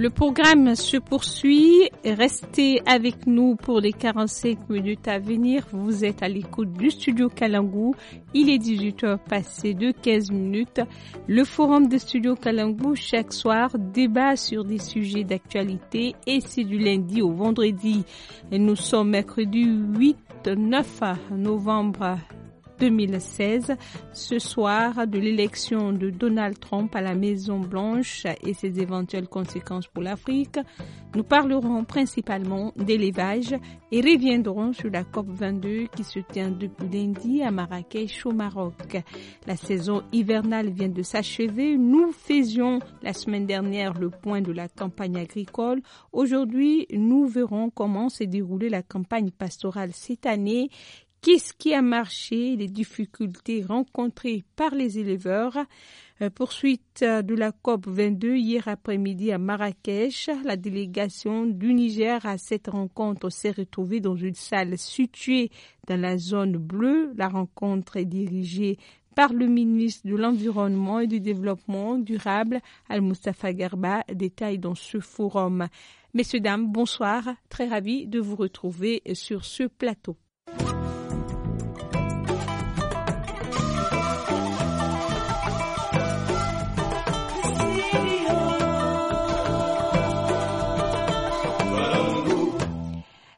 Le programme se poursuit. Restez avec nous pour les 45 minutes à venir. Vous êtes à l'écoute du studio Kalangou. Il est 18h passé de 15 minutes. Le forum de studio Kalangou chaque soir débat sur des sujets d'actualité et c'est du lundi au vendredi. nous sommes mercredi 8-9 novembre 2016, ce soir de l'élection de Donald Trump à la Maison Blanche et ses éventuelles conséquences pour l'Afrique. Nous parlerons principalement d'élevage et reviendrons sur la COP22 qui se tient depuis lundi à Marrakech au Maroc. La saison hivernale vient de s'achever. Nous faisions la semaine dernière le point de la campagne agricole. Aujourd'hui, nous verrons comment s'est déroulée la campagne pastorale cette année qu'est-ce qui a marché, les difficultés rencontrées par les éleveurs. Euh, poursuite euh, de la COP 22 hier après-midi à Marrakech, la délégation du Niger à cette rencontre s'est retrouvée dans une salle située dans la zone bleue. La rencontre est dirigée par le ministre de l'Environnement et du Développement durable, Al-Mustafa Garba, détaille dans ce forum. Messieurs, dames, bonsoir. Très ravi de vous retrouver sur ce plateau.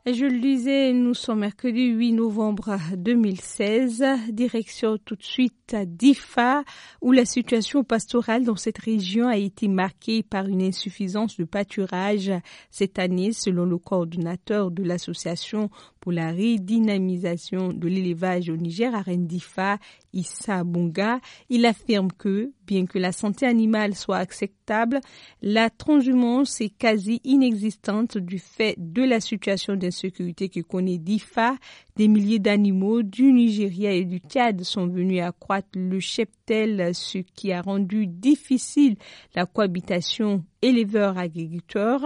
Je le disais, nous sommes mercredi 8 novembre 2016. Direction tout de suite à Difa, où la situation pastorale dans cette région a été marquée par une insuffisance de pâturage cette année, selon le coordinateur de l'association pour la redynamisation de l'élevage au Niger, Arendifa Issa Bunga. Il affirme que, bien que la santé animale soit acceptable, la transhumance est quasi inexistante du fait de la situation d'insécurité que connaît Difa. Des milliers d'animaux du Nigeria et du Tchad sont venus accroître le cheptel, ce qui a rendu difficile la cohabitation éleveurs-agriculteurs.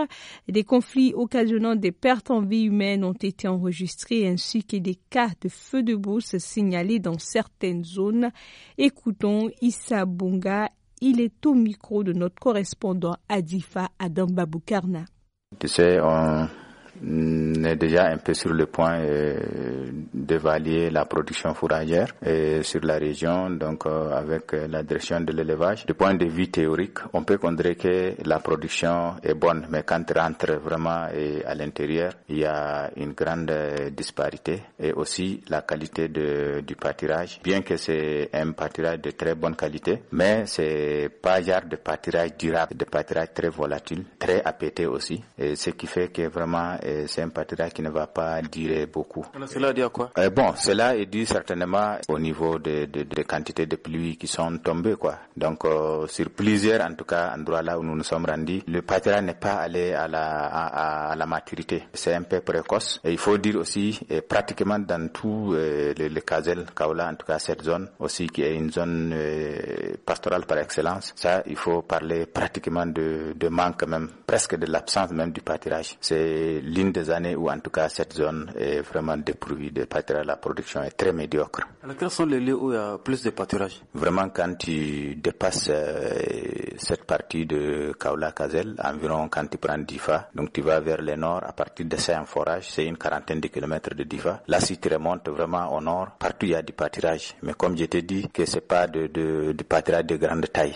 Des conflits occasionnant des pertes en vie humaine ont été enregistrés ainsi que des cas de feux de brousse signalés dans certaines zones. Écoutons Issa Bonga, il est au micro de notre correspondant Adifa Adam est déjà un peu sur le point euh, d'évaluer la production fourragère euh, sur la région, donc euh, avec la direction de l'élevage. Du point de vue théorique, on peut dire que la production est bonne, mais quand on rentre vraiment à l'intérieur, il y a une grande disparité et aussi la qualité de, du pâturage. Bien que c'est un pâturage de très bonne qualité, mais c'est pas genre de pâturage durable, de pâturage très volatile, très appété aussi, et ce qui fait que vraiment c'est un partenariat qui ne va pas durer beaucoup. cela dit à quoi euh, Bon, cela est dû certainement au niveau des de, quantités de pluie qui sont tombées, quoi. Donc, euh, sur plusieurs, en tout cas, endroits là où nous nous sommes rendus, le partenariat n'est pas allé à la, à, la maturité. C'est un peu précoce. Et il faut dire aussi, et pratiquement dans tout euh, le, le Kazel, Kaola, en tout cas cette zone aussi qui est une zone pastorale par excellence, ça, il faut parler pratiquement de, de manque même, presque de l'absence même du pâturage. C'est d'une des années où en tout cas cette zone est vraiment dépourvue de pâturage. La production est très médiocre. Alors quels sont les lieux où il y a plus de pâturage Vraiment quand tu dépasses euh, cette partie de Kaula Kazel, environ quand tu prends Difa, donc tu vas vers le nord à partir de saint forage, c'est une quarantaine de kilomètres de Difa. Là si tu remontes vraiment au nord, partout il y a du pâturage. Mais comme je t'ai dit que c'est pas de, de, de pâturage de grande taille.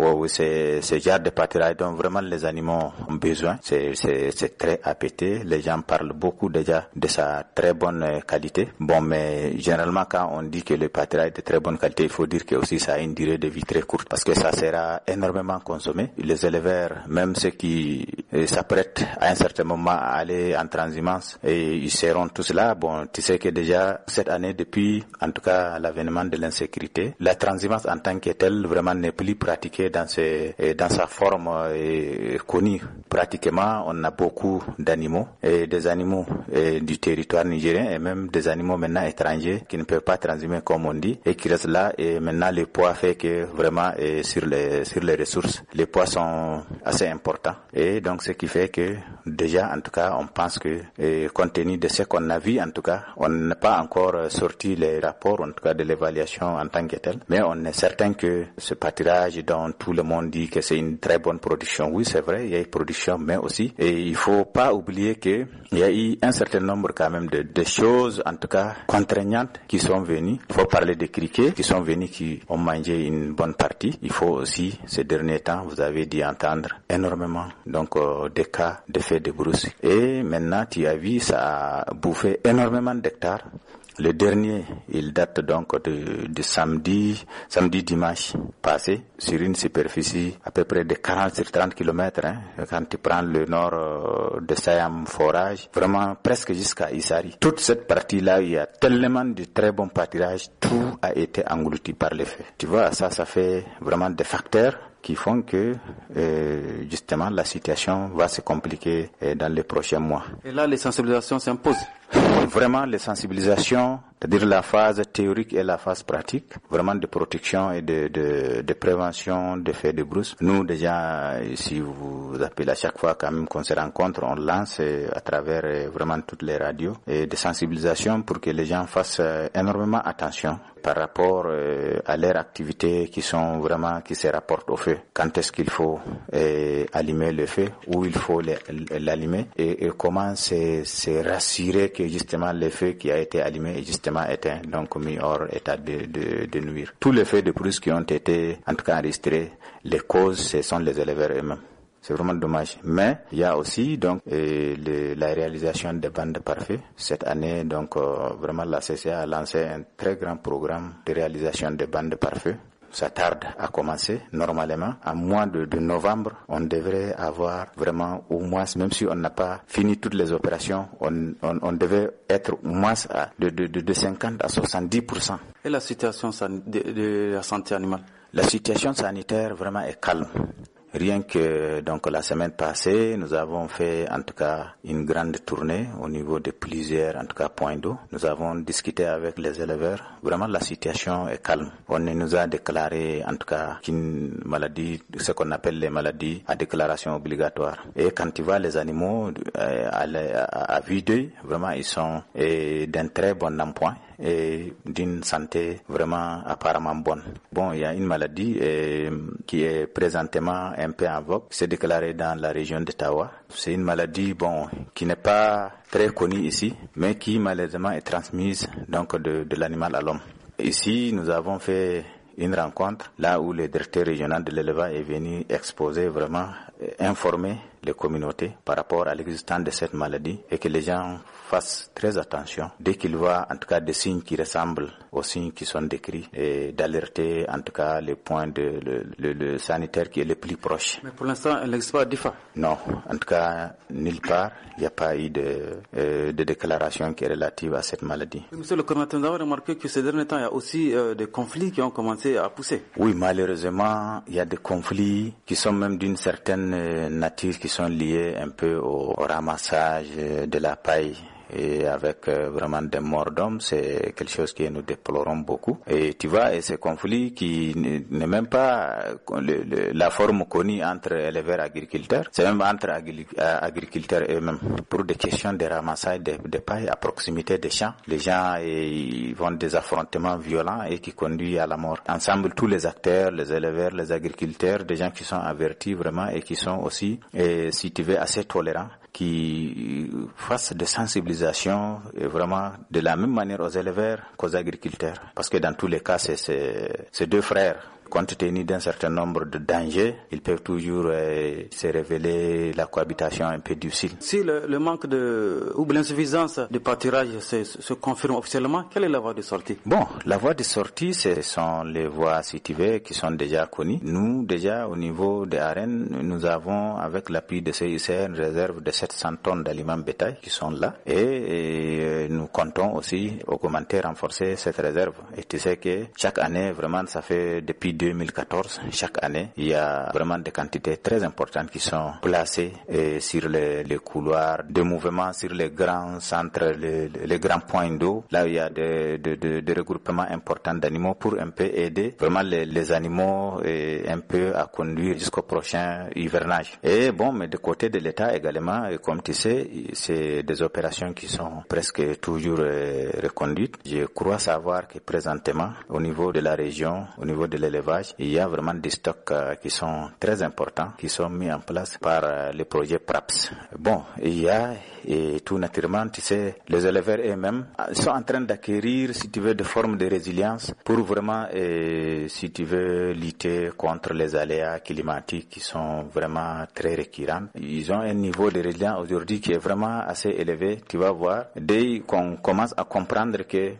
Oui, c'est ce genre de pâturage dont vraiment les animaux ont besoin. C'est très appété. Les gens parlent beaucoup déjà de sa très bonne qualité. Bon, mais généralement, quand on dit que le pâturage est de très bonne qualité, il faut dire que aussi ça a une durée de vie très courte parce que ça sera énormément consommé. Les éleveurs, même ceux qui euh, s'apprêtent à un certain moment à aller en transhumance, et ils seront tous là. Bon, tu sais que déjà cette année, depuis en tout cas l'avènement de l'insécurité, la transhumance en tant que telle vraiment n'est plus pratiquée dans, dans sa forme euh, connue. Pratiquement, on a beaucoup d'animaux, et des animaux du territoire nigérien et même des animaux maintenant étrangers qui ne peuvent pas transhumer comme on dit et qui restent là. Et maintenant, le poids fait que vraiment et sur les sur les ressources, les poids sont assez importants. Et donc, ce qui fait que déjà, en tout cas, on pense que et compte tenu de ce qu'on a vu, en tout cas, on n'a pas encore euh, sorti les rapports, en tout cas, de l'évaluation en tant que tel, mais on est certain que ce pâturage dont tout le monde dit que c'est une très bonne production. Oui, c'est vrai, il y a une production, mais aussi, et il faut pas oublier que il y a eu un certain nombre quand même de, choses, en tout cas, contraignantes qui sont venues. Il faut parler des criquets qui sont venus, qui ont mangé une bonne partie. Il faut aussi, ces derniers temps, vous avez dû entendre énormément, donc, euh, des cas de faits de brousse. Et maintenant, tu as vu, ça a bouffé énormément d'hectares le dernier, il date donc de, samedi, samedi dimanche passé sur une superficie à peu près de 40 sur 30 km. Hein, quand tu prends le nord euh, de Sayam Forage, vraiment presque jusqu'à Isari. Toute cette partie-là, il y a tellement de très bons pâturages, tout a été englouti par les feux. Tu vois, ça, ça fait vraiment des facteurs qui font que euh, justement la situation va se compliquer euh, dans les prochains mois. Et là, les sensibilisations s'imposent. Vraiment, les sensibilisations c'est-à-dire la phase théorique et la phase pratique, vraiment de protection et de, de, de prévention des faits de brousse. Nous déjà, si vous appelez à chaque fois quand même qu'on se rencontre, on lance euh, à travers euh, vraiment toutes les radios et des sensibilisations pour que les gens fassent euh, énormément attention par rapport à leurs activités qui sont vraiment qui se rapportent au feu. Quand est-ce qu'il faut allumer le feu, où il faut l'allumer et, et, comment se rassurer que justement le feu qui a été allumé est justement directement donc mis hors état de, de, nuire. Tous les faits de plus qui ont été en tout cas enregistrés, les causes, ce sont les élèves eux-mêmes. C'est vraiment dommage. Mais il y a aussi donc la réalisation des bandes parfaites. Cette année, donc euh, vraiment la CCA a lancé un très grand programme de réalisation des bandes parfaites ça tarde à commencer normalement. À moins de, novembre, on devrait avoir vraiment au moins, même si on n'a pas fini toutes les opérations, on, on, on devait être au moins à, de, de, 50 à 70 Et la situation de la santé animale la situation sanitaire vraiment est calme. Rien que donc la semaine passée, nous avons fait en tout cas une grande tournée au niveau de plusieurs en tout cas points d'eau. Nous avons discuté avec les éleveurs. Vraiment la situation est calme. On nous a déclaré en tout cas qu'une maladie, ce qu'on appelle les maladies à déclaration obligatoire. Et quand tu vois les animaux euh, à, à, vue d'œil, vraiment ils sont d'un très bon emploi et d'une santé vraiment apparemment bonne. Bon, il y a une maladie euh, qui est présentement un peu en vogue, c'est déclaré dans la région Tawa. C'est une maladie, bon, qui n'est pas très connue ici, mais qui malheureusement est transmise donc de, de l'animal à l'homme. Ici, nous avons fait une rencontre là où le directeur régional de l'élevage est venu exposer vraiment, euh, informer communautés par rapport à l'existence de cette maladie et que les gens fassent très attention dès qu'ils voient en tout cas des signes qui ressemblent aux signes qui sont décrits et d'alerter en tout cas les points de le, sanitaire qui est le plus proche. Mais pour l'instant, elle n'existe pas d'IFA Non, en tout cas, nulle part, il n'y a pas eu de, euh, déclaration qui est relative à cette maladie. Monsieur le coordinateur, nous avons remarqué que ces derniers temps, il y a aussi euh, des conflits qui ont commencé à pousser. Oui, malheureusement, il y a des conflits qui sont même d'une certaine euh, nature qui liées un peu au ramassage de la paille et avec euh, vraiment des morts d'hommes, c'est quelque chose que nous déplorons beaucoup. Et tu vois, et ce conflit qui n'est même pas euh, la forme connue entre éleveurs et agriculteurs, c'est même entre euh, agriculteurs eux-mêmes. Pour des questions de ramassage de, de paille à proximité des champs, les gens ils vont des affrontements violents et qui conduisent à la mort. Ensemble, tous les acteurs, les éleveurs, les agriculteurs, des gens qui sont avertis vraiment et qui sont aussi, et, si tu veux, assez tolérants qui fasse de sensibilisation et vraiment de la même manière aux éleveurs qu'aux agriculteurs. Parce que dans tous les cas, c'est deux frères compte tenu d'un certain nombre de dangers, ils peuvent toujours euh, se révéler la cohabitation un peu difficile. Si le, manque de ou l'insuffisance de pâturage se, confirme officiellement, quelle est la voie de sortie Bon, la voie de sortie, ce sont les voies situées qui sont déjà connues. Nous, déjà au niveau des arènes, nous avons avec l'appui de CICR une réserve de 700 tonnes d'aliments bétail qui sont là et, euh, nous comptons aussi augmenter, renforcer cette réserve. Et tu sais que chaque année, vraiment, ça fait depuis 2014, chaque année, il y a vraiment des quantités très importantes qui sont placées euh, sur les, couloirs de mouvement, sur les grands centres, les, grands points d'eau. Là, il y a des, regroupements importants d'animaux pour un peu aider vraiment les, animaux euh, un peu à conduire jusqu'au prochain hivernage. Et bon, mais de côté de l'État également, euh, comme tu sais, c'est des opérations qui sont presque toujours reconduites. Je crois savoir que présentement, au niveau de la région, au niveau de l'élevage, il y a vraiment des stocks euh, qui sont très importants, qui sont mis en place par euh, le projet PRAPS. Bon, il y a, et tout naturellement, tu sais, les éleveurs eux-mêmes euh, sont en train d'acquérir, si tu veux, des formes de résilience pour vraiment, si tu veux, lutter contre les aléas climatiques qui sont vraiment très récurrents. Ils ont un niveau de résilience aujourd'hui qui est vraiment assez élevé. Tu vas voir, dès qu'on commence à comprendre que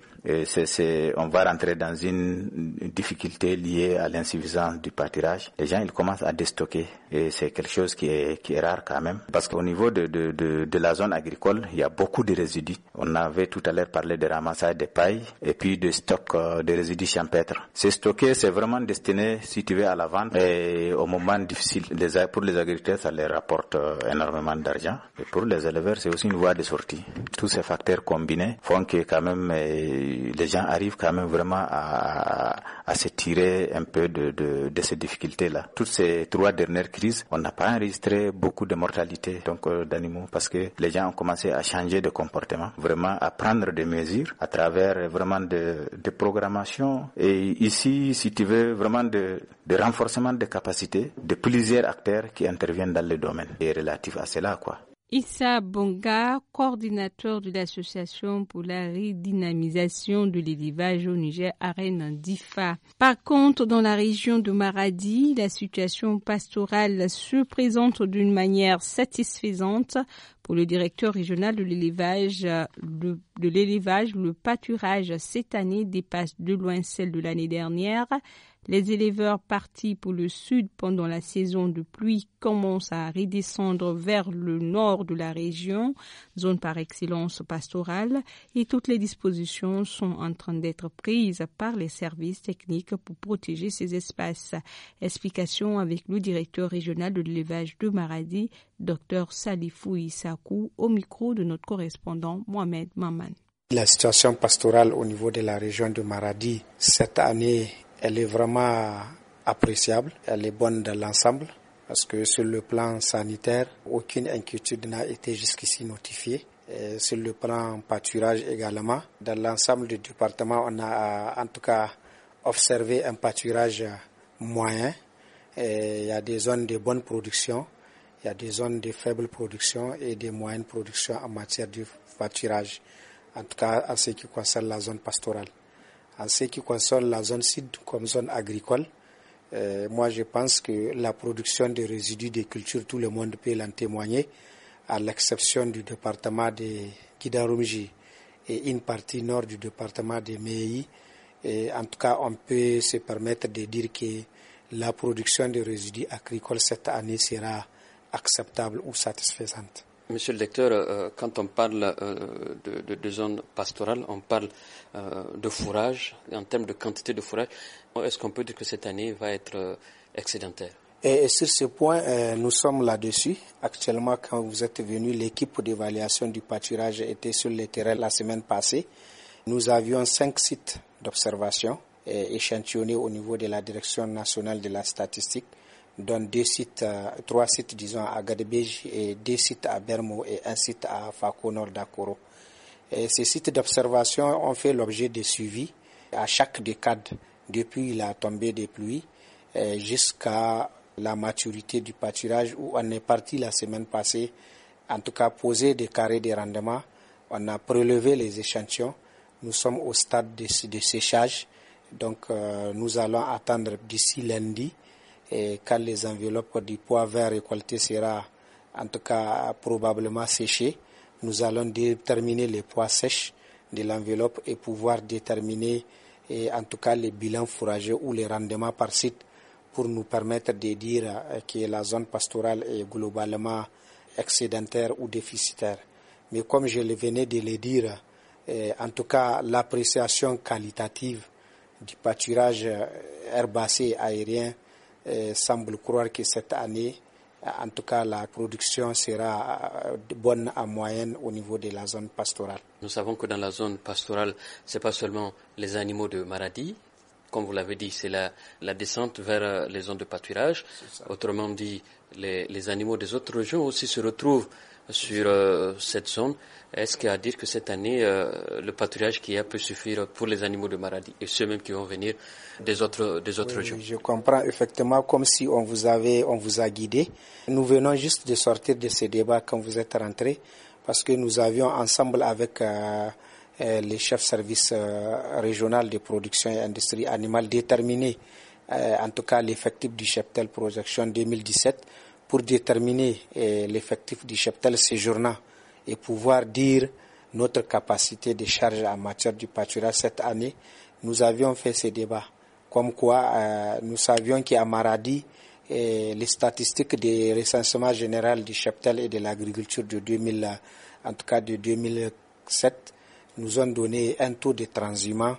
c'est, on va rentrer dans une difficulté liée à l'insuffisance du pâturage. Les gens, ils commencent à déstocker et c'est quelque chose qui est, qui est rare quand même. Parce qu'au niveau de, de, de, de, la zone agricole, il y a beaucoup de résidus. On avait tout à l'heure parlé de ramassage des pailles et puis de stock euh, de résidus champêtres. C'est stocké, c'est vraiment destiné, si tu veux, à la vente et au moment difficile. pour les agriculteurs, ça leur rapporte euh, énormément d'argent. Et pour les éleveurs, c'est aussi une voie de sortie. Tous ces facteurs combinés font que quand même... Euh, les gens arrivent quand même vraiment à, se tirer un peu de, ces difficultés-là. Toutes ces trois dernières crises, on n'a pas enregistré beaucoup de mortalité donc euh, d'animaux parce que les gens ont commencé à changer de comportement, vraiment à prendre des mesures à travers vraiment de, programmations. et ici, si tu veux, vraiment de, renforcement des capacités de plusieurs acteurs qui interviennent dans le domaine et relatif à cela quoi. Issa Bonga, coordinateur de l'association pour la redynamisation de l'élevage au Niger, Arène Difa. Par contre, dans la région de Maradi, la situation pastorale se présente d'une manière satisfaisante pour le directeur régional de l'élevage, de l'élevage, le pâturage cette année dépasse de loin celle de l'année dernière. Les éleveurs partis pour le sud pendant la saison de pluie commencent à redescendre vers le nord de la région, zone par excellence pastorale, et toutes les dispositions sont en train d'être prises par les services techniques pour protéger ces espaces. Explication avec le directeur régional de l'élevage de Maradi, Dr Salifou Issakou, au micro de notre correspondant Mohamed Maman. La situation pastorale au niveau de la région de Maradi cette année elle est vraiment appréciable, elle est bonne dans l'ensemble parce que sur le plan sanitaire, aucune inquiétude n'a été jusqu'ici notifiée. sur le plan pâturage également, dans l'ensemble du département, on a en tout cas observé un pâturage moyen. Et il y a des zones de bonne production, il y a des zones de faible production et des moyennes productions en matière de pâturage, en tout cas en ce qui concerne la zone pastorale. En ce qui concerne la zone sud comme zone agricole, euh, moi je pense que la production de résidus des cultures, tout le monde peut l'en témoigner, à l'exception du département de Kidarumji et une partie nord du département de Mei. en tout cas, on peut se permettre de dire que la production de résidus agricoles cette année sera acceptable ou satisfaisante. Monsieur le lecteur, euh, quand on parle euh, de, zone pastorale, on parle euh, de fourrage. En termes de quantité de fourrage, est-ce qu'on peut dire que cette année va être excédentaire et sur ce point, nous sommes là-dessus. Actuellement, quand vous êtes venu, l'équipe d'évaluation du pâturage était sur le terrain la semaine passée. Nous avions cinq sites d'observation échantillonnés au niveau de la Direction nationale de la statistique. Donne sites, euh, trois sites, disons, à Gadebej et deux sites à Bermo et un site à Fako Nord d'Akoro. Ces sites d'observation ont fait l'objet de suivis à chaque décade depuis la tombée des pluies jusqu'à la maturité du pâturage où on est parti la semaine passée, en tout cas poser des carrés de rendement. On a prélevé les échantillons. Nous sommes au stade de, séchage. Donc euh, nous allons attendre d'ici lundi et eh, quand les enveloppes du poids vert qualité sera en tout cas probablement séchées, nous allons déterminer les poids sèches de l'enveloppe et pouvoir déterminer eh, en tout cas les bilans fourragers ou les rendements par site pour nous permettre de dire eh, que la zone pastorale est globalement excédentaire ou déficitaire. Mais comme je le venais de le dire, en tout cas l'appréciation qualitative du pâturage herbacé aérien euh, semble croire que cette année, euh, en tout cas, la production sera euh, bonne à moyenne au niveau de la zone pastorale. Nous savons que dans la zone pastorale, ce n'est pas seulement les animaux de maladie, comme vous l'avez dit, c'est la, descente vers les zones de pâturage. Autrement dit, les, les, animaux des autres régions aussi se retrouvent sur euh, cette zone. Est-ce à dire que cette année, euh, le patrouillage qui y a peut suffire pour les animaux de maladie et ceux mêmes qui vont venir des autres, des autres Je comprends effectivement comme si on vous avait, on vous a guidé. Nous venons juste de sortir de ces débats quand vous êtes rentrés parce que nous avions ensemble avec euh, les chefs services régionales de production et industrie animale déterminé en tout cas l'effectif du cheptel projection 2017 pour déterminer euh, l'effectif du cheptel séjournant et pouvoir dire notre capacité de charge en matière du pâturage cette année, nous avions fait ces débats. Comme quoi, euh, nous savions qu'à Maradi, euh, les statistiques des recensements général du cheptel et de l'agriculture de 2000, en tout cas de 2007, nous ont donné un taux de transhumance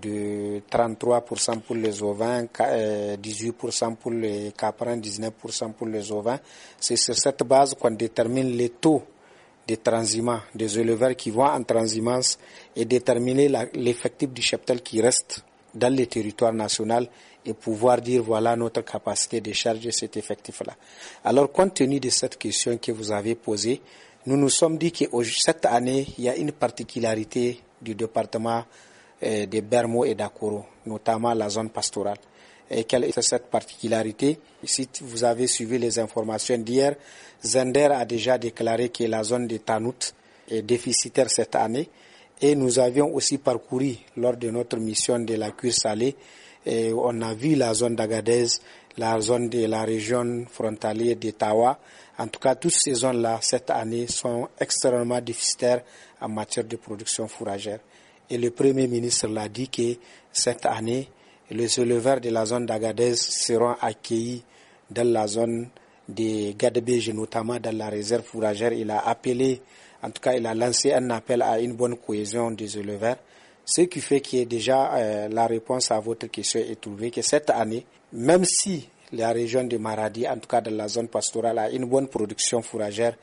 de 33% pour les ovins, 18% euh, pour les caprins, 19% pour les ovins. C'est sur cette base qu'on détermine les taux des transiments, des éleveurs qui vont en transhumance et déterminer l'effectif du cheptel qui reste dans les territoires nationaux et pouvoir dire voilà notre capacité de charger cet effectif-là. Alors compte tenu de cette question que vous avez posée, nous nous sommes dit que cette année, il y a une particularité du département de Bermo et d'Akoro, notamment la zone pastorale. Et quelle est cette particularité Si vous avez suivi les informations d'hier, Zender a déjà déclaré que la zone de Tanout est déficitaire cette année. Et nous avions aussi parcouru lors de notre mission de la cuir salée, et on a vu la zone d'Agadez, la zone de la région frontalière de Tawa. En tout cas, toutes ces zones-là, cette année, sont extrêmement déficitaires en matière de production fourragère. Et le Premier ministre l'a dit que cette année, les éleveurs de la zone d'Agadez seront accueillis dans la zone de Gadebege, notamment dans la réserve fourragère. Il a appelé, en tout cas, il a lancé un appel à une bonne cohésion des éleveurs. Ce qui fait que déjà euh, la réponse à votre question est trouvée, que cette année, même si la région de Maradi, en tout cas de la zone pastorale, a une bonne production fourragère,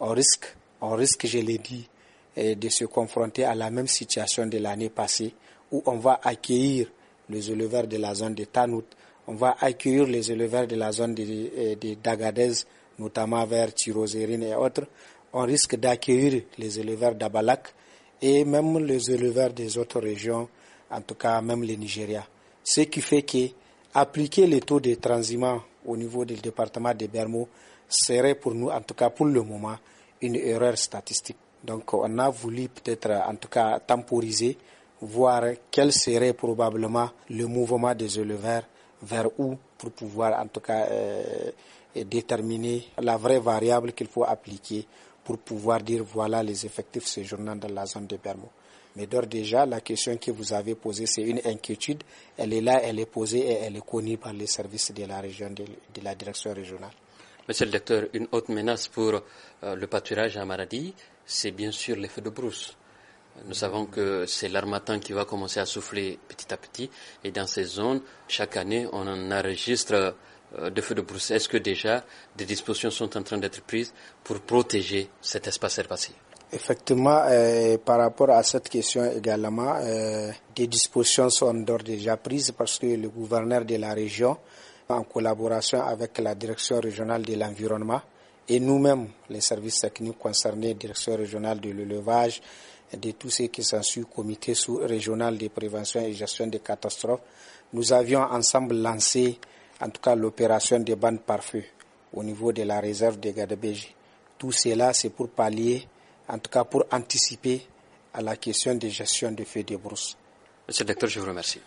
on risque, on risque, je l'ai dit, de se confronter à la même situation de l'année passée où on va accueillir les éleveurs de la zone de Tanout, on va accueillir les éleveurs de la zone de, euh, d'Agadez, notamment vers Tirozérine et autres. On risque d'accueillir les éleveurs d'Abalak et même les éleveurs des autres régions, en tout cas même le Nigeria. Ce qui fait que appliquer les taux de transiment au niveau du département de Bermo serait pour nous, en tout cas pour le moment, une erreur statistique. Donc on a voulu peut-être en tout cas temporiser, voir quel serait probablement le mouvement des éleveurs vers où pour pouvoir en tout cas euh, déterminer la vraie variable qu'il faut appliquer pour pouvoir dire voilà les effectifs séjournant dans la zone de Bermo. Mais d'ores déjà, la question que vous avez posée, c'est une inquiétude. Elle est là, elle est posée et elle est connue par les services de la région, de, la direction régionale. Monsieur le docteur, une haute menace pour euh, le pâturage à maladie c'est bien sûr les feux de brousse. Nous savons que c'est l'armatan qui va commencer à souffler petit à petit. Et dans ces zones, chaque année, on en enregistre euh, de feux de brousse. Est-ce que déjà des dispositions sont en train d'être prises pour protéger cet espace herbacé Effectivement, euh, par rapport à cette question également, euh, des dispositions sont d'ores déjà prises parce que le gouverneur de la région, en collaboration avec la direction régionale de l'environnement, et nous-mêmes, les services techniques concernés, direction régionale de l'élevage, de tous ceux qui sont le comité régional de prévention et gestion des catastrophes, nous avions ensemble lancé, en tout cas, l'opération des bandes par feu au niveau de la réserve de Gadebéji. Tout cela, c'est pour pallier, en tout cas pour anticiper à la question de gestion des feux de brousse. Monsieur le docteur, je vous remercie.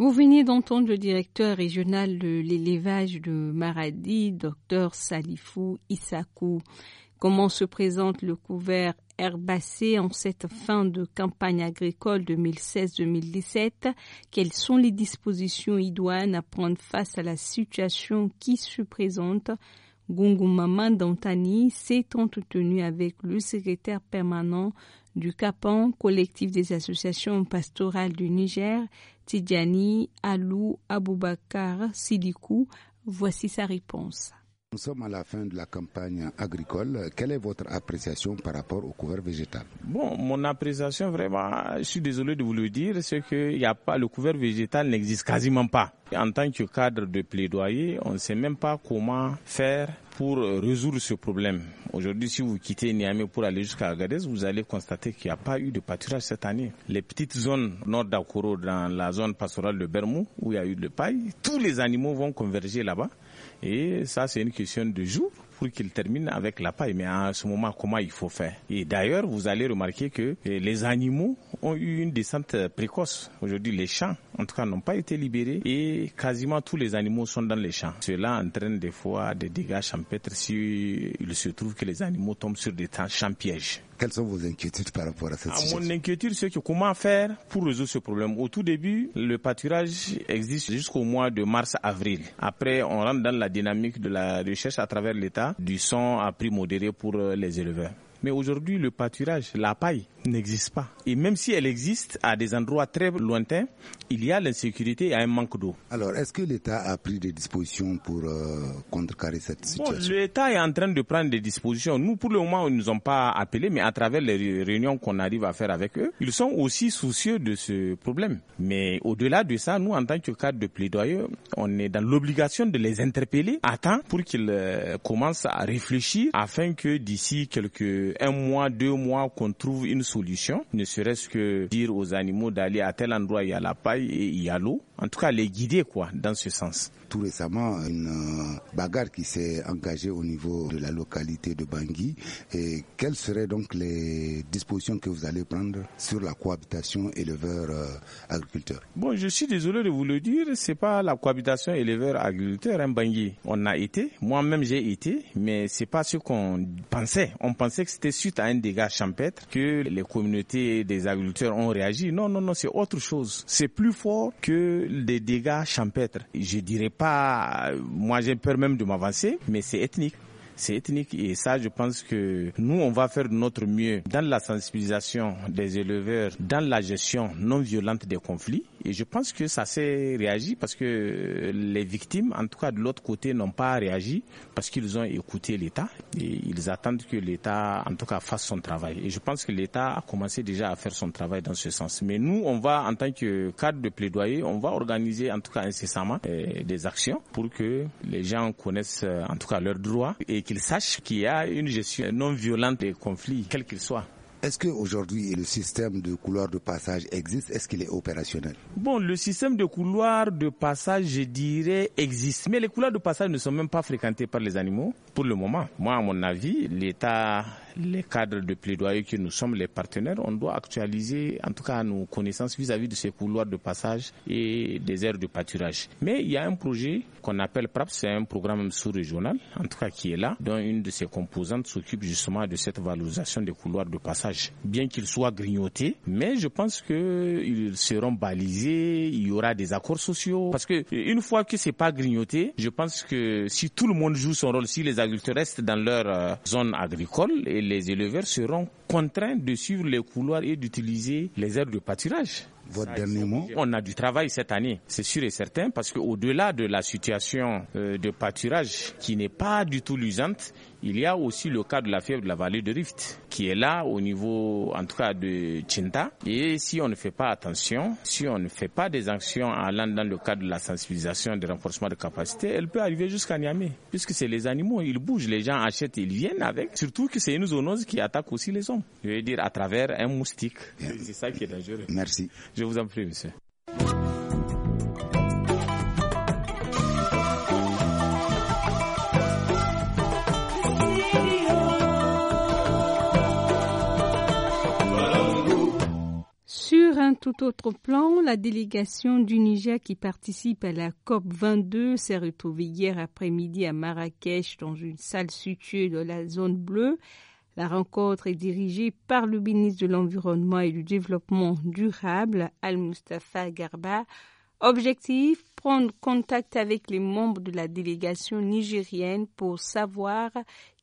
Vous venez d'entendre le directeur régional de l'élevage de Maradi, docteur Salifou Issakou. Comment se présente le couvert herbacé en cette fin de campagne agricole 2016-2017 Quelles sont les dispositions idoines à prendre face à la situation qui se présente Gungumaman Dantani s'est entretenu avec le secrétaire permanent du CAPAN, collectif des associations pastorales du Niger, Tidjani Alou Aboubakar Sidikou. Voici sa réponse. Nous sommes à la fin de la campagne agricole. Quelle est votre appréciation par rapport au couvert végétal Bon, mon appréciation vraiment, je suis désolé de vous le dire, c'est que y a pas, le couvert végétal n'existe quasiment pas. En tant que cadre de plaidoyer, on ne sait même pas comment faire pour résoudre ce problème. Aujourd'hui, si vous quittez Niamey pour aller jusqu'à Agadez, vous allez constater qu'il n'y a pas eu de pâturage cette année. Les petites zones nord d'Akoro, dans la zone pastorale de Bermou, où il y a eu de paille, tous les animaux vont converger là-bas. Et ça, c'est une question de jour pour qu'il termine avec la paille. Mais à ce moment, comment il faut faire Et d'ailleurs, vous allez remarquer que eh, les animaux ont eu une descente précoce. Aujourd'hui, les champs en tout cas, n'ont pas été libérés et quasiment tous les animaux sont dans les champs. Cela entraîne des fois des dégâts champêtres si il se trouve que les animaux tombent sur des champs pièges. Quelles sont vos inquiétudes par rapport à cette ah, situation Mon inquiétude, c'est que comment faire pour résoudre ce problème. Au tout début, le pâturage existe jusqu'au mois de mars-avril. Après, on rentre dans la dynamique de la recherche à travers l'État du son à prix modéré pour euh, les éleveurs. Mais aujourd'hui, le pâturage, la paille, n'existe pas. Et même si elle existe à des endroits très lointains, il y a l'insécurité et un manque d'eau. Alors, est-ce que l'État a pris des dispositions pour euh, contrecarrer cette situation bon, L'État est en train de prendre des dispositions. Nous, pour le moment, ils ne nous ont pas appelés, mais à travers les réunions qu'on arrive à faire avec eux, ils sont aussi soucieux de ce problème. Mais au-delà de ça, nous, en tant que cadre de plaidoyer, on est dans l'obligation de les interpeller à temps pour qu'ils euh, commencent à réfléchir afin que d'ici quelques un mois, deux mois qu'on trouve une solution, ne serait-ce que dire aux animaux d'aller à tel endroit, il y a la paille et il y a l'eau en tout cas les guider quoi dans ce sens. Tout récemment, une euh, bagarre qui s'est engagée au niveau de la localité de Bangui. Et quelles seraient donc les dispositions que vous allez prendre sur la cohabitation éleveur-agriculteur euh, Bon, je suis désolé de vous le dire, c'est pas la cohabitation éleveur-agriculteur hein, Bangui. On a été, moi-même j'ai été, mais c'est pas ce qu'on pensait. On pensait que c'était suite à un dégât champêtre que les communautés des agriculteurs ont réagi. Non, non, non, c'est autre chose. C'est plus fort que les dégâts champêtres. Je dirais pas, euh, moi j'ai peur même de m'avancer, mais c'est ethnique c'est ethnique et ça, je pense que nous, on va faire de notre mieux dans la sensibilisation des éleveurs, dans la gestion non violente des conflits. Et je pense que ça s'est réagi parce que les victimes, en tout cas de l'autre côté, n'ont pas réagi parce qu'ils ont écouté l'État et ils attendent que l'État, en tout cas, fasse son travail. Et je pense que l'État a commencé déjà à faire son travail dans ce sens. Mais nous, on va, en tant que cadre de plaidoyer, on va organiser, en tout cas incessamment, euh, des actions pour que les gens connaissent, euh, en tout cas, leurs droits et qu'ils sachent qu'il y a une gestion non violente des conflits, quel qu'il soit. Est-ce qu'aujourd'hui le système de couloir de passage existe Est-ce qu'il est opérationnel Bon, le système de couloir de passage, je dirais, existe. Mais les couloirs de passage ne sont même pas fréquentés par les animaux pour le moment. Moi, à mon avis, l'État les cadres de plaidoyer que nous sommes, les partenaires, on doit actualiser en tout cas nos connaissances vis-à-vis de ces couloirs de passage et des aires de pâturage. Mais il y a un projet qu'on appelle PRAP, c'est un programme sous-régional, en tout cas qui est là, dont une de ses composantes s'occupe justement de cette valorisation des couloirs de passage. Bien qu'ils soient grignotés, mais je pense qu'ils seront balisés, il y aura des accords sociaux, parce que une fois que c'est pas grignoté, je pense que si tout le monde joue son rôle, si les agriculteurs restent dans leur euh, zone agricole et les éleveurs seront contraints de suivre les couloirs et d'utiliser les aires de pâturage. Votre dernier mot On a du travail cette année, c'est sûr et certain, parce qu'au-delà de la situation euh, de pâturage qui n'est pas du tout luisante, il y a aussi le cas de la fièvre de la vallée de Rift, qui est là au niveau, en tout cas, de Chinta. Et si on ne fait pas attention, si on ne fait pas des actions allant dans le cadre de la sensibilisation et du renforcement de capacité, elle peut arriver jusqu'à Niamey, puisque c'est les animaux, ils bougent, les gens achètent, ils viennent avec. Surtout que c'est une zoonose qui attaque aussi les hommes. Je veux dire, à travers un moustique. C'est ça qui est dangereux. Merci. Je vous en prie, monsieur. un tout autre plan, la délégation du Niger qui participe à la COP 22 s'est retrouvée hier après-midi à Marrakech dans une salle située dans la zone bleue. La rencontre est dirigée par le ministre de l'Environnement et du Développement durable, Al-Mustafa Garba, Objectif prendre contact avec les membres de la délégation nigérienne pour savoir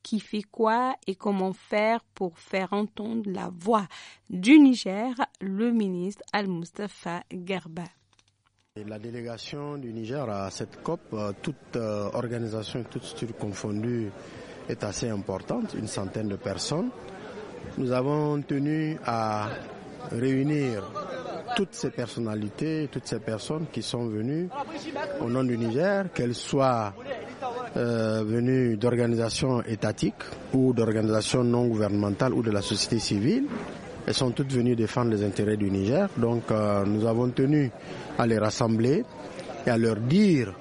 qui fait quoi et comment faire pour faire entendre la voix du Niger, le ministre Al-Mustafa Garba. La délégation du Niger à cette COP, euh, toute euh, organisation, toute structure confondue, est assez importante, une centaine de personnes. Nous avons tenu à réunir toutes ces personnalités, toutes ces personnes qui sont venues au nom du Niger, qu'elles soient euh, venues d'organisations étatiques ou d'organisations non gouvernementales ou de la société civile. Elles sont toutes venues défendre les intérêts du Niger. Donc euh, nous avons tenu à les rassembler et à leur dire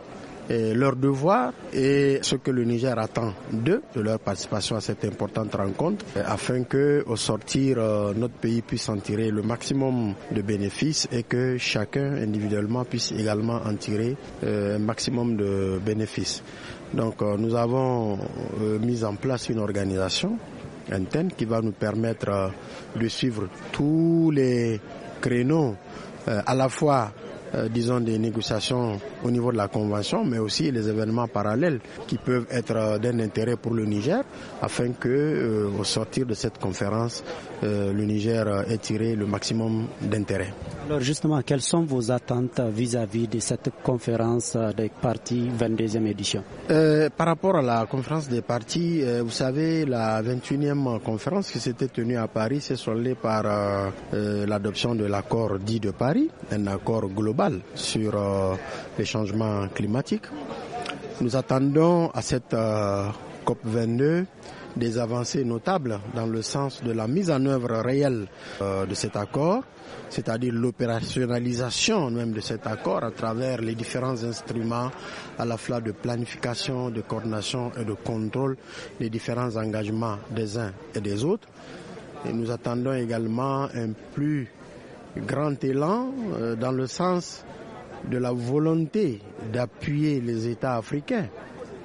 leur devoir et ce que le Niger attend d'eux, de leur participation à cette importante rencontre, afin que, au sortir, euh, notre pays puisse en tirer le maximum de bénéfices et que chacun individuellement puisse également en tirer euh, un maximum de bénéfices. Donc, euh, nous avons mis en place une organisation interne qui va nous permettre de suivre tous les créneaux à la fois euh, disons, des négociations au niveau de la Convention, mais aussi les événements parallèles qui peuvent être euh, d'un intérêt pour le Niger, afin que, euh, au sortir de cette conférence, le Niger ait tiré le maximum d'intérêt. Alors justement, quelles sont vos attentes vis-à-vis de cette conférence des partis 22e édition euh, Par rapport à la conférence des partis, euh, vous savez, la 21e conférence qui s'était tenue à Paris s'est soldée par euh, l'adoption de l'accord dit de Paris, un accord global sur les changements climatiques. Nous attendons à cette COP22 des avancées notables dans le sens de la mise en œuvre réelle euh, de cet accord, c'est-à-dire l'opérationnalisation même de cet accord à travers les différents instruments à la fois de planification, de coordination et de contrôle des différents engagements des uns et des autres. Et nous attendons également un plus grand élan euh, dans le sens de la volonté d'appuyer les États africains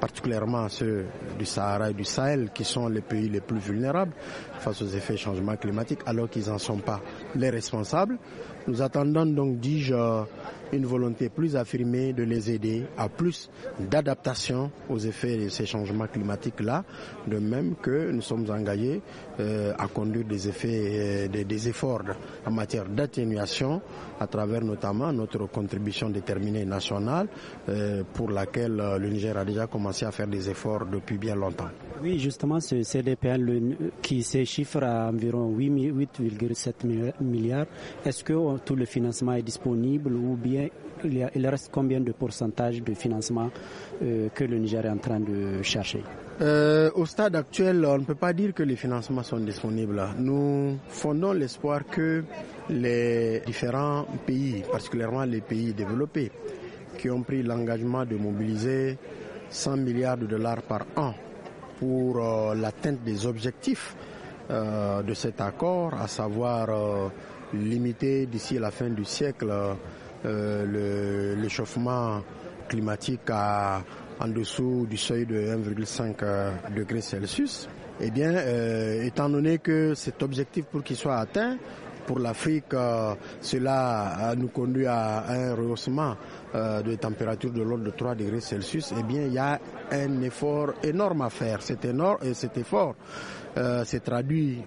particulièrement ceux du Sahara et du Sahel, qui sont les pays les plus vulnérables face aux effets du changement climatique, alors qu'ils n'en sont pas les responsables. Nous attendons donc, dis-je, euh, une volonté plus affirmée de les aider à plus d'adaptation aux effets de ces changements climatiques-là, de même que nous sommes engagés euh, à conduire des effets, euh, des, efforts en matière d'atténuation à travers notamment notre contribution déterminée nationale pour laquelle le Niger a déjà commencé à faire des efforts depuis bien longtemps. Oui, justement, ce CDPN qui se chiffre à environ 8,7 milliards milliards. Est-ce que euh, tout le financement est disponible ou bien il, reste combien de pourcentage de financement euh, que le Niger est en train de chercher euh, Au stade actuel, on ne peut pas dire que les financements sont disponibles. Nous fondons l'espoir que les différents pays, particulièrement les pays développés, qui ont pris l'engagement de mobiliser 100 milliards de dollars par an pour l'atteinte des objectifs euh, de cet accord, à savoir euh, limiter d'ici la fin du siècle euh, l'échauffement climatique à, en dessous du seuil de 1,5 degré Celsius. Eh bien, étant donné que cet objectif, pour qu'il soit atteint, pour l'Afrique, euh, cela euh, nous conduit à un rehaussement euh, de température de l'ordre de 3 degrés Celsius, eh bien, il y a un effort énorme à faire. Cet, énorme, cet effort euh, s'est traduit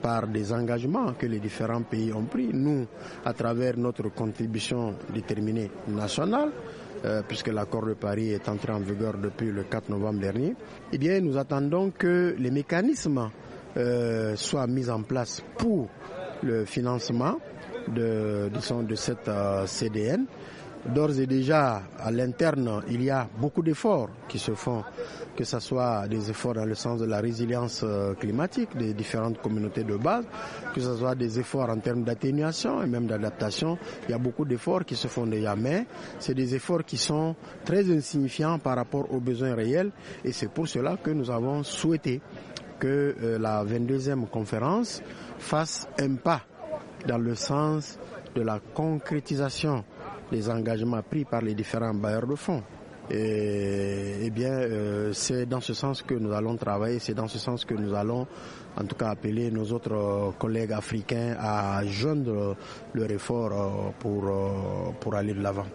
par des engagements que les différents pays ont pris. Nous, à travers notre contribution déterminée nationale, puisque l'accord de Paris est entré en vigueur depuis le 4 novembre dernier, eh bien, nous attendons que les mécanismes soient mis en place pour le financement de, de, de cette euh, CDN. D'ores et déjà, à l'interne, il y a beaucoup d'efforts qui se font, que ce soit des efforts dans le sens de la résilience euh, climatique des différentes communautés de base, que ce soit des efforts en termes d'atténuation et même d'adaptation. Il y a beaucoup d'efforts qui se font déjà, mais c'est des efforts qui sont très insignifiants par rapport aux besoins réels et c'est pour cela que nous avons souhaité que euh, la 22e conférence fasse un pas dans le sens de la concrétisation des engagements pris par les différents bailleurs de fonds. Et, eh bien, euh, c'est dans ce sens que nous allons travailler, c'est dans ce sens que nous allons, en tout cas, appeler nos autres euh, collègues africains à joindre leur effort euh, pour, pour aller de l'avant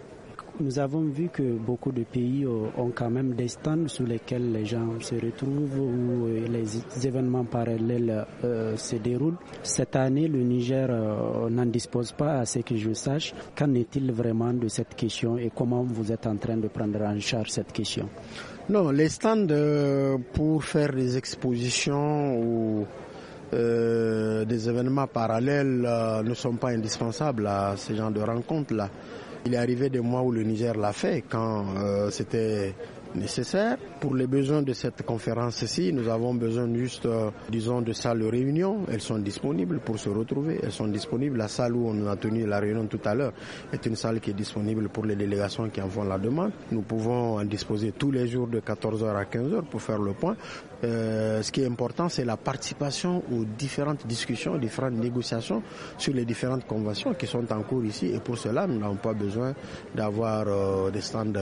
nous avons vu que beaucoup de pays euh, ont quand même des stands sur lesquels les gens se retrouvent ou euh, les événements parallèles euh, se déroulent. Cette année, le Niger n'en dispose pas à ce que je sache. Qu'en est-il vraiment de cette question et comment vous êtes en train de prendre en charge cette question Non, les stands pour faire des expositions ou des événements parallèles ne sont pas indispensables à ce genre de rencontres-là. Il est arrivé des mois où le Niger l'a fait, quand euh, c'était Nécessaire Pour les besoins de cette conférence-ci, nous avons besoin juste, euh, disons, de salles de réunion. Elles sont disponibles pour se retrouver. Elles sont disponibles. La salle où on a tenu la réunion tout à l'heure est une salle qui est disponible pour les délégations qui en font la demande. Nous pouvons en disposer tous les jours de 14h à 15h pour faire le point. Euh, ce qui est important, c'est la participation aux différentes discussions, aux différentes négociations sur les différentes conventions qui sont en cours ici. Et pour cela, nous n'avons pas besoin d'avoir euh, des stands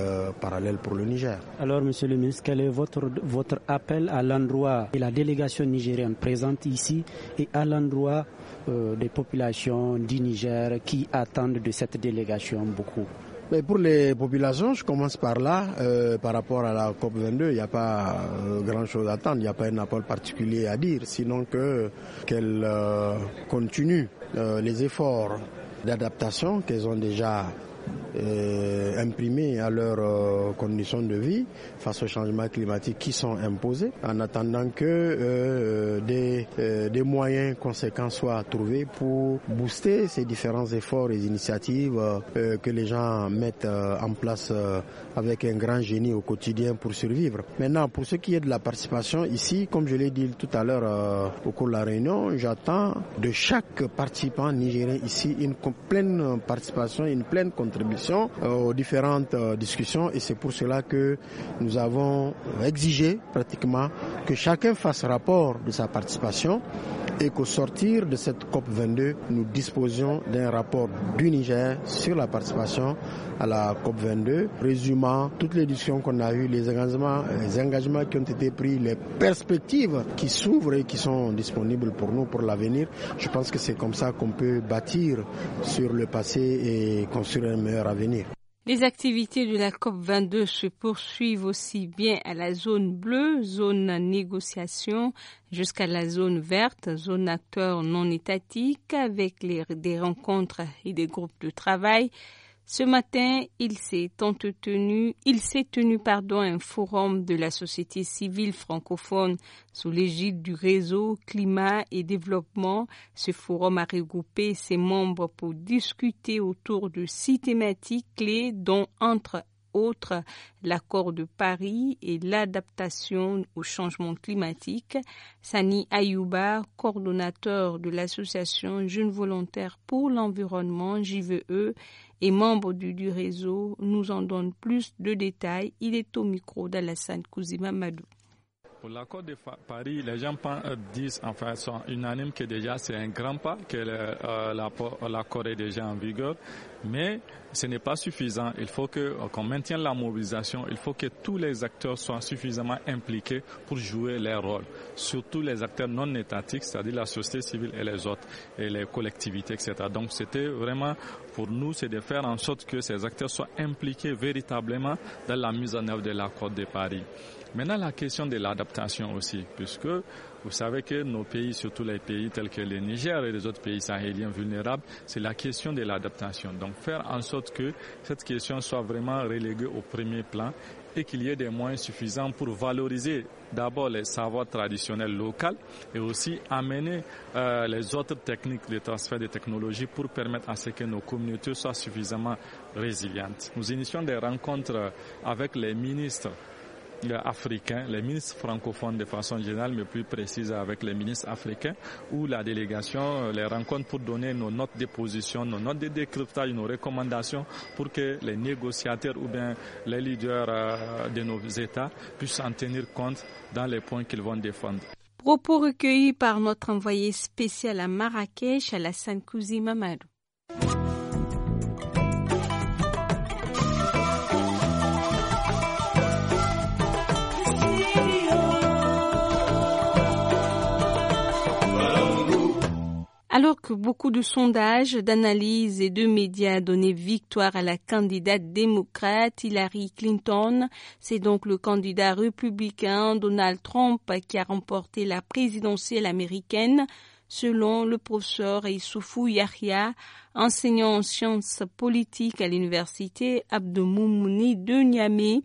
parallèles pour le Niger. Alors, monsieur le ministre, quel est votre, votre appel à l'endroit de la délégation nigérienne présente ici et à l'endroit euh, des populations du Niger qui attendent de cette délégation beaucoup mais pour les populations, je commence par là, euh, par rapport à la COP22, il n'y a pas euh, grand-chose à attendre, il n'y a pas un appel particulier à dire, sinon que qu'elles continuent les efforts d'adaptation qu'elles ont déjà euh, imprimés à leurs euh, conditions de vie face aux changements climatiques qui sont imposés, en attendant que euh, des, moyens conséquents soient trouvés pour booster ces différents efforts et initiatives que les gens mettent en place avec un grand génie au quotidien pour survivre. Maintenant, pour ce qui est de la participation ici, comme je l'ai dit tout à l'heure au cours de la réunion, j'attends de chaque participant nigérien ici une pleine participation, une pleine contribution euh, aux différentes euh, discussions et c'est pour cela que nous avons exigé pratiquement que chacun fasse rapport de sa participation et qu'au sortir de cette COP22, nous disposions d'un rapport du Niger sur la participation à la COP22, résumant toutes les discussions qu'on a eues, les engagements, les engagements qui ont été pris, les perspectives qui s'ouvrent et qui sont disponibles pour nous pour l'avenir. Je pense que c'est comme ça qu'on peut bâtir sur le passé et construire un meilleur avenir. Les activités de la COP22 se poursuivent aussi bien à la zone bleue, zone négociation, jusqu'à la zone verte, zone acteur non étatique, avec des rencontres et des groupes de travail. Ce matin, il s'est entretenu, il s'est tenu pardon, un forum de la société civile francophone sous l'égide du réseau Climat et Développement. Ce forum a regroupé ses membres pour discuter autour de six thématiques clés dont entre autres l'accord de Paris et l'adaptation au changement climatique. Sani Ayouba, coordonnateur de l'association Jeunes volontaires pour l'environnement JVE, et membre du, réseau nous en donne plus de détails. Il est au micro d'Alassane Kouzima Madou. Pour l'accord de Paris, les gens euh, disent, enfin, sont unanimes que déjà c'est un grand pas que euh, l'accord est déjà en vigueur, mais ce n'est pas suffisant. Il faut que euh, qu'on maintienne la mobilisation. Il faut que tous les acteurs soient suffisamment impliqués pour jouer leur rôle. Surtout les acteurs non étatiques, c'est-à-dire la société civile et les autres, et les collectivités, etc. Donc c'était vraiment pour nous, c'est de faire en sorte que ces acteurs soient impliqués véritablement dans la mise en œuvre de l'accord de Paris. Maintenant, la question de l'adaptation aussi, puisque vous savez que nos pays, surtout les pays tels que le Niger et les autres pays sahéliens vulnérables, c'est la question de l'adaptation. Donc faire en sorte que cette question soit vraiment reléguée au premier plan et qu'il y ait des moyens suffisants pour valoriser d'abord les savoirs traditionnels locaux et aussi amener euh, les autres techniques de transfert de technologies pour permettre à ce que nos communautés soient suffisamment résilientes. Nous initions des rencontres avec les ministres africains, les ministres francophones de façon générale, mais plus précise avec les ministres africains, où la délégation euh, les rencontre pour donner nos notes de position, nos notes de décryptage, nos recommandations pour que les négociateurs ou bien les leaders euh, de nos États puissent en tenir compte dans les points qu'ils vont défendre. Propos recueillis par notre envoyé spécial à Marrakech, à la Sankouzi Mamadou. Alors que beaucoup de sondages, d'analyses et de médias donnaient victoire à la candidate démocrate Hillary Clinton, c'est donc le candidat républicain Donald Trump qui a remporté la présidentielle américaine selon le professeur Issoufou Yahya, enseignant en sciences politiques à l'université Abdelmoumouni de Niamey.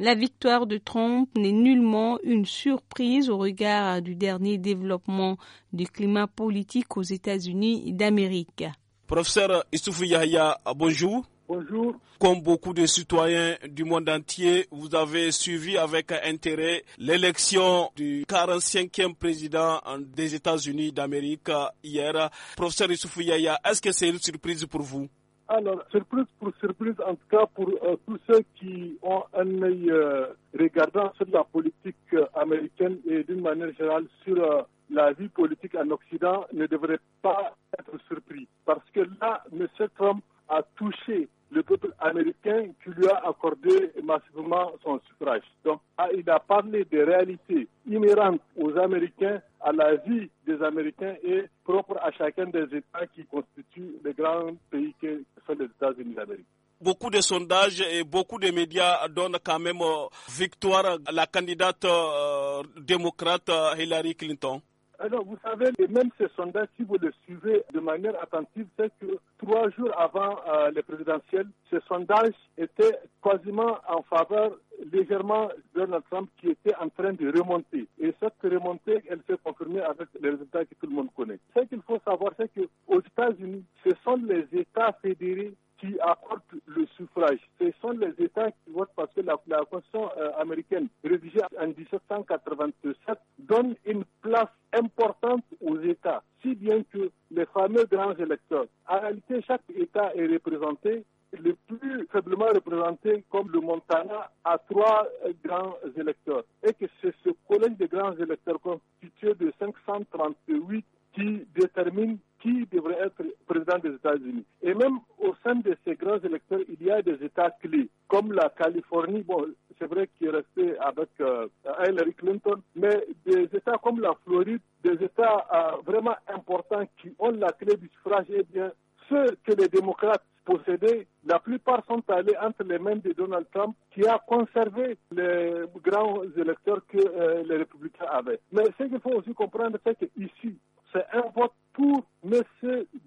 La victoire de Trump n'est nullement une surprise au regard du dernier développement du climat politique aux États-Unis d'Amérique. Professeur Issoufou Yahya, bonjour. Bonjour. Comme beaucoup de citoyens du monde entier, vous avez suivi avec intérêt l'élection du 45e président des États-Unis d'Amérique hier. Professeur Issoufou Yahya, est-ce que c'est une surprise pour vous alors, surprise pour surprise, en tout cas pour euh, tous ceux qui ont un œil euh, regardant sur la politique euh, américaine et d'une manière générale sur la vie politique en Occident, ne devraient pas être surpris. Parce que là, M. Trump a touché le peuple américain qui lui a accordé massivement son suffrage. Donc, ah, il a parlé des réalités inhérentes aux Américains, à la vie des Américains et propre à chacun des États qui constituent le grand pays que sont les États-Unis d'Amérique beaucoup de sondages et beaucoup de médias donnent quand même euh, victoire à la candidate euh, démocrate euh, Hillary Clinton. Alors, vous savez, même ces sondages, si vous le suivez de manière attentive, c'est que trois jours avant euh, les présidentielles, ces sondages étaient quasiment en faveur légèrement Donald Trump qui était en train de remonter. Et cette remontée, elle s'est confirmée avec les résultats que tout le monde connaît. Ce qu'il faut savoir, c'est qu'aux États-Unis, ce sont les États fédérés qui apporte le suffrage. Ce sont les États qui votent parce que la, la Constitution euh, américaine, rédigée en 1787, donne une place importante aux États, si bien que les fameux grands électeurs. En réalité, chaque État est représenté le plus faiblement représenté comme le Montana à trois euh, grands électeurs et que c'est ce collège de grands électeurs constitué de 538 qui détermine qui devrait être président des États-Unis. Et même au sein de ces grands électeurs, il y a des États clés, comme la Californie, bon, c'est vrai qu'il est resté avec euh, Hillary Clinton, mais des États comme la Floride, des États euh, vraiment importants qui ont la clé du suffrage, eh bien, ceux que les démocrates possédaient, la plupart sont allés entre les mains de Donald Trump, qui a conservé les grands électeurs que euh, les républicains avaient. Mais ce qu'il faut aussi comprendre, c'est qu'ici, c'est un vote pour M.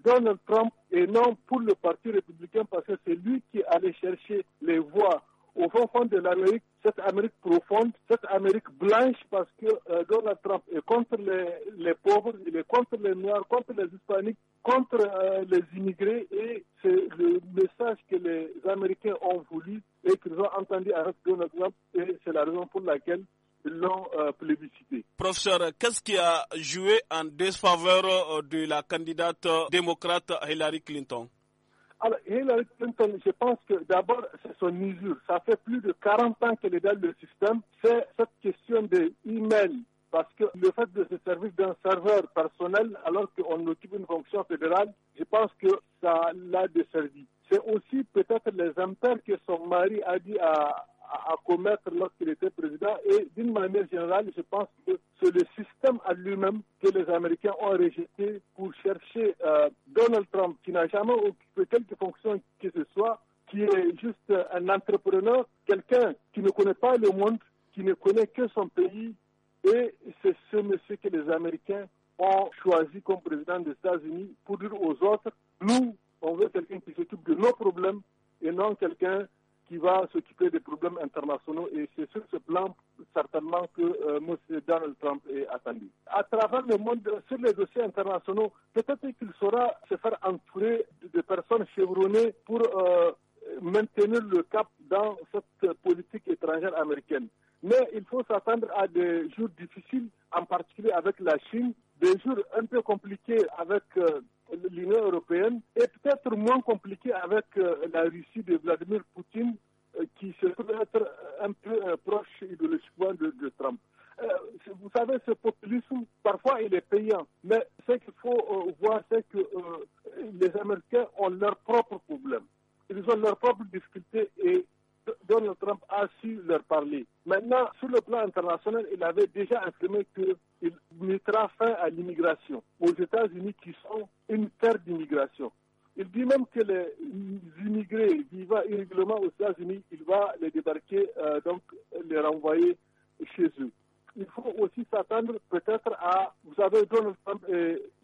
Donald Trump et non pour le Parti républicain parce que c'est lui qui allait chercher les voix au fond fond de l'Amérique, cette Amérique profonde, cette Amérique blanche, parce que euh, Donald Trump est contre les, pauvres, il est contre les Noirs, contre les Hispaniques, contre euh, les immigrés, et c'est le message que les Américains ont voulu et qu'ils ont entendu avec Donald Trump, et c'est la raison pour laquelle l'ont euh, plébiscité. Professeur, qu'est-ce qui a joué en défaveur euh, de la candidate démocrate Hillary Clinton alors, Hillary Clinton, je pense que d'abord, c'est son usure. Ça fait plus de 40 ans qu'elle est dans le système. C'est cette question de emails parce que le fait de se servir d'un serveur personnel alors qu'on occupe une fonction fédérale, je pense que ça l'a desservi. C'est aussi peut-être les impairs que son mari a dit à à, commettre lorsqu'il était président. Et d'une manière générale, je pense que c'est le système à lui-même que les Américains ont rejeté pour chercher euh, Donald Trump, qui n'a jamais occupé quelque fonction que ce soit, qui est juste un entrepreneur, quelqu'un qui ne connaît pas le monde, qui ne connaît que son pays. Et c'est ce monsieur que les Américains ont choisi comme président des États-Unis pour dire aux autres, nous, on veut quelqu'un qui s'occupe de nos problèmes et non quelqu'un qui va s'occuper des problèmes internationaux et c'est sur ce plan certainement que euh, M. Donald Trump est attendu. À travers le monde, sur les dossiers internationaux, peut-être qu'il saura se faire entourer de personnes chevronnées pour euh, maintenir le cap dans cette politique étrangère américaine. Mais il faut s'attendre à des jours difficiles, en particulier avec la Chine, des jours un peu compliqués avec euh, l'Union européenne est peut-être moins compliquée avec euh, la Russie de Vladimir Poutine euh, qui se trouve être euh, un peu proche de de, de Trump. vous savez, ce populisme, parfois, il est payant. Mais ce qu'il faut voir, c'est que les Américains ont leurs propres problèmes. Ils ont leurs propres difficultés et Donald Trump a su leur parler. Maintenant, sur le plan international, il avait déjà que qu'il mettra fin à l'immigration aux États-Unis qui sont une terre d'immigration. Il dit même que les immigrés vivant irrégulièrement aux États-Unis, il va les débarquer, euh, donc les renvoyer chez eux. Il faut aussi s'attendre peut-être à, vous avez Donald Trump,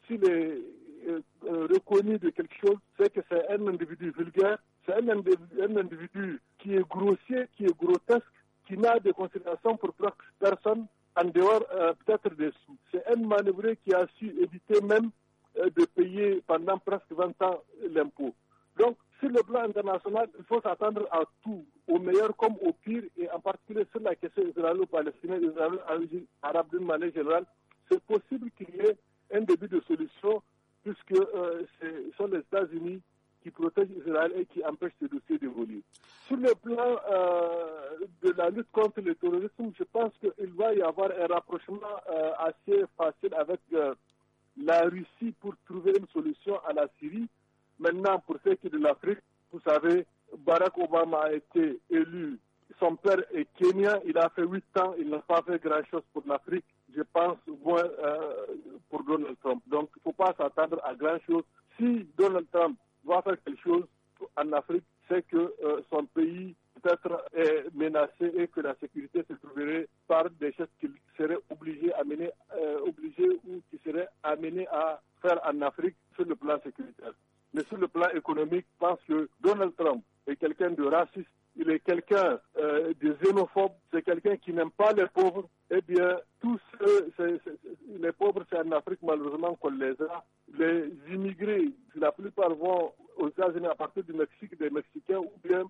si les euh, euh, reconnu de quelque chose, c'est que c'est un individu vulgaire, c'est un, individu qui est grossier, qui est grotesque, qui n'a de considération pour personne en dehors euh, peut-être des sous. C'est un manœuvré qui a su éviter même de payer pendant presque 20 ans l'impôt. Donc, sur le plan international, il faut s'attendre à tout, au meilleur comme au pire, et en particulier sur la question israélo-palestinienne, israélo-arabe d'une manière générale. C'est possible qu'il y ait un début de solution puisque euh, ce sont les États-Unis qui protègent Israël et qui empêchent ce dossier d'évoluer. Sur le plan euh, de la lutte contre le terrorisme, je pense qu'il va y avoir un rapprochement euh, assez facile avec euh, la Russie pour trouver une solution à la Syrie. Maintenant, pour ceux qui de l'Afrique, vous savez, Barack Obama a été élu. Son père est kenyan, il a fait huit ans, il n'a pas fait grand-chose pour l'Afrique je pense, moins euh, pour Donald Trump. Donc, il ne faut pas s'attendre à grand-chose. Si Donald Trump doit faire quelque chose en Afrique, c'est que euh, son pays peut-être est menacé et que la sécurité se trouverait par des choses qu'il serait obligé, à mener, euh, obligé ou qui serait amené à faire en Afrique sur le plan sécuritaire. Mais sur le plan économique, je pense que Donald Trump est quelqu'un de raciste il est quelqu'un euh, de xénophobe, c'est quelqu'un qui n'aime pas les pauvres, eh bien, tous ceux, les pauvres, c'est en Afrique malheureusement qu'on les a. Les immigrés, la plupart vont aux États-Unis à partir du Mexique, des Mexicains ou bien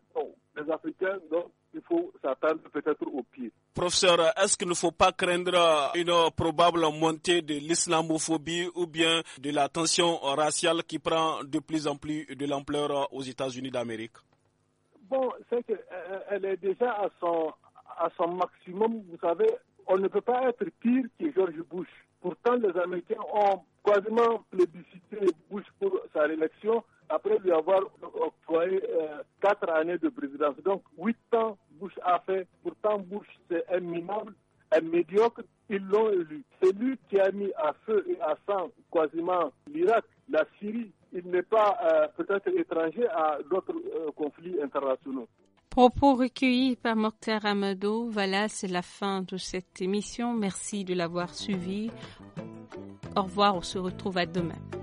des Africains, donc il faut s'attendre peut-être au pire. Professeur, est-ce qu'il ne faut pas craindre une probable montée de l'islamophobie ou bien de la tension raciale qui prend de plus en plus de l'ampleur aux États-Unis d'Amérique Bon, c'est qu'elle euh, est déjà à son, à son maximum. Vous savez, on ne peut pas être pire que George Bush. Pourtant, les Américains ont quasiment plébiscité Bush pour sa réélection après lui avoir octroyé euh, quatre années de présidence. Donc, huit ans, Bush a fait. Pourtant, Bush, c'est un minable, un médiocre. Ils l'ont élu. C'est lui qui a mis à feu et à sang quasiment l'Irak, la Syrie, il n'est pas euh, peut-être étranger à d'autres euh, conflits internationaux. Propos recueillis par Mokhtar Amado. Voilà, c'est la fin de cette émission. Merci de l'avoir suivi. Au revoir, on se retrouve à demain.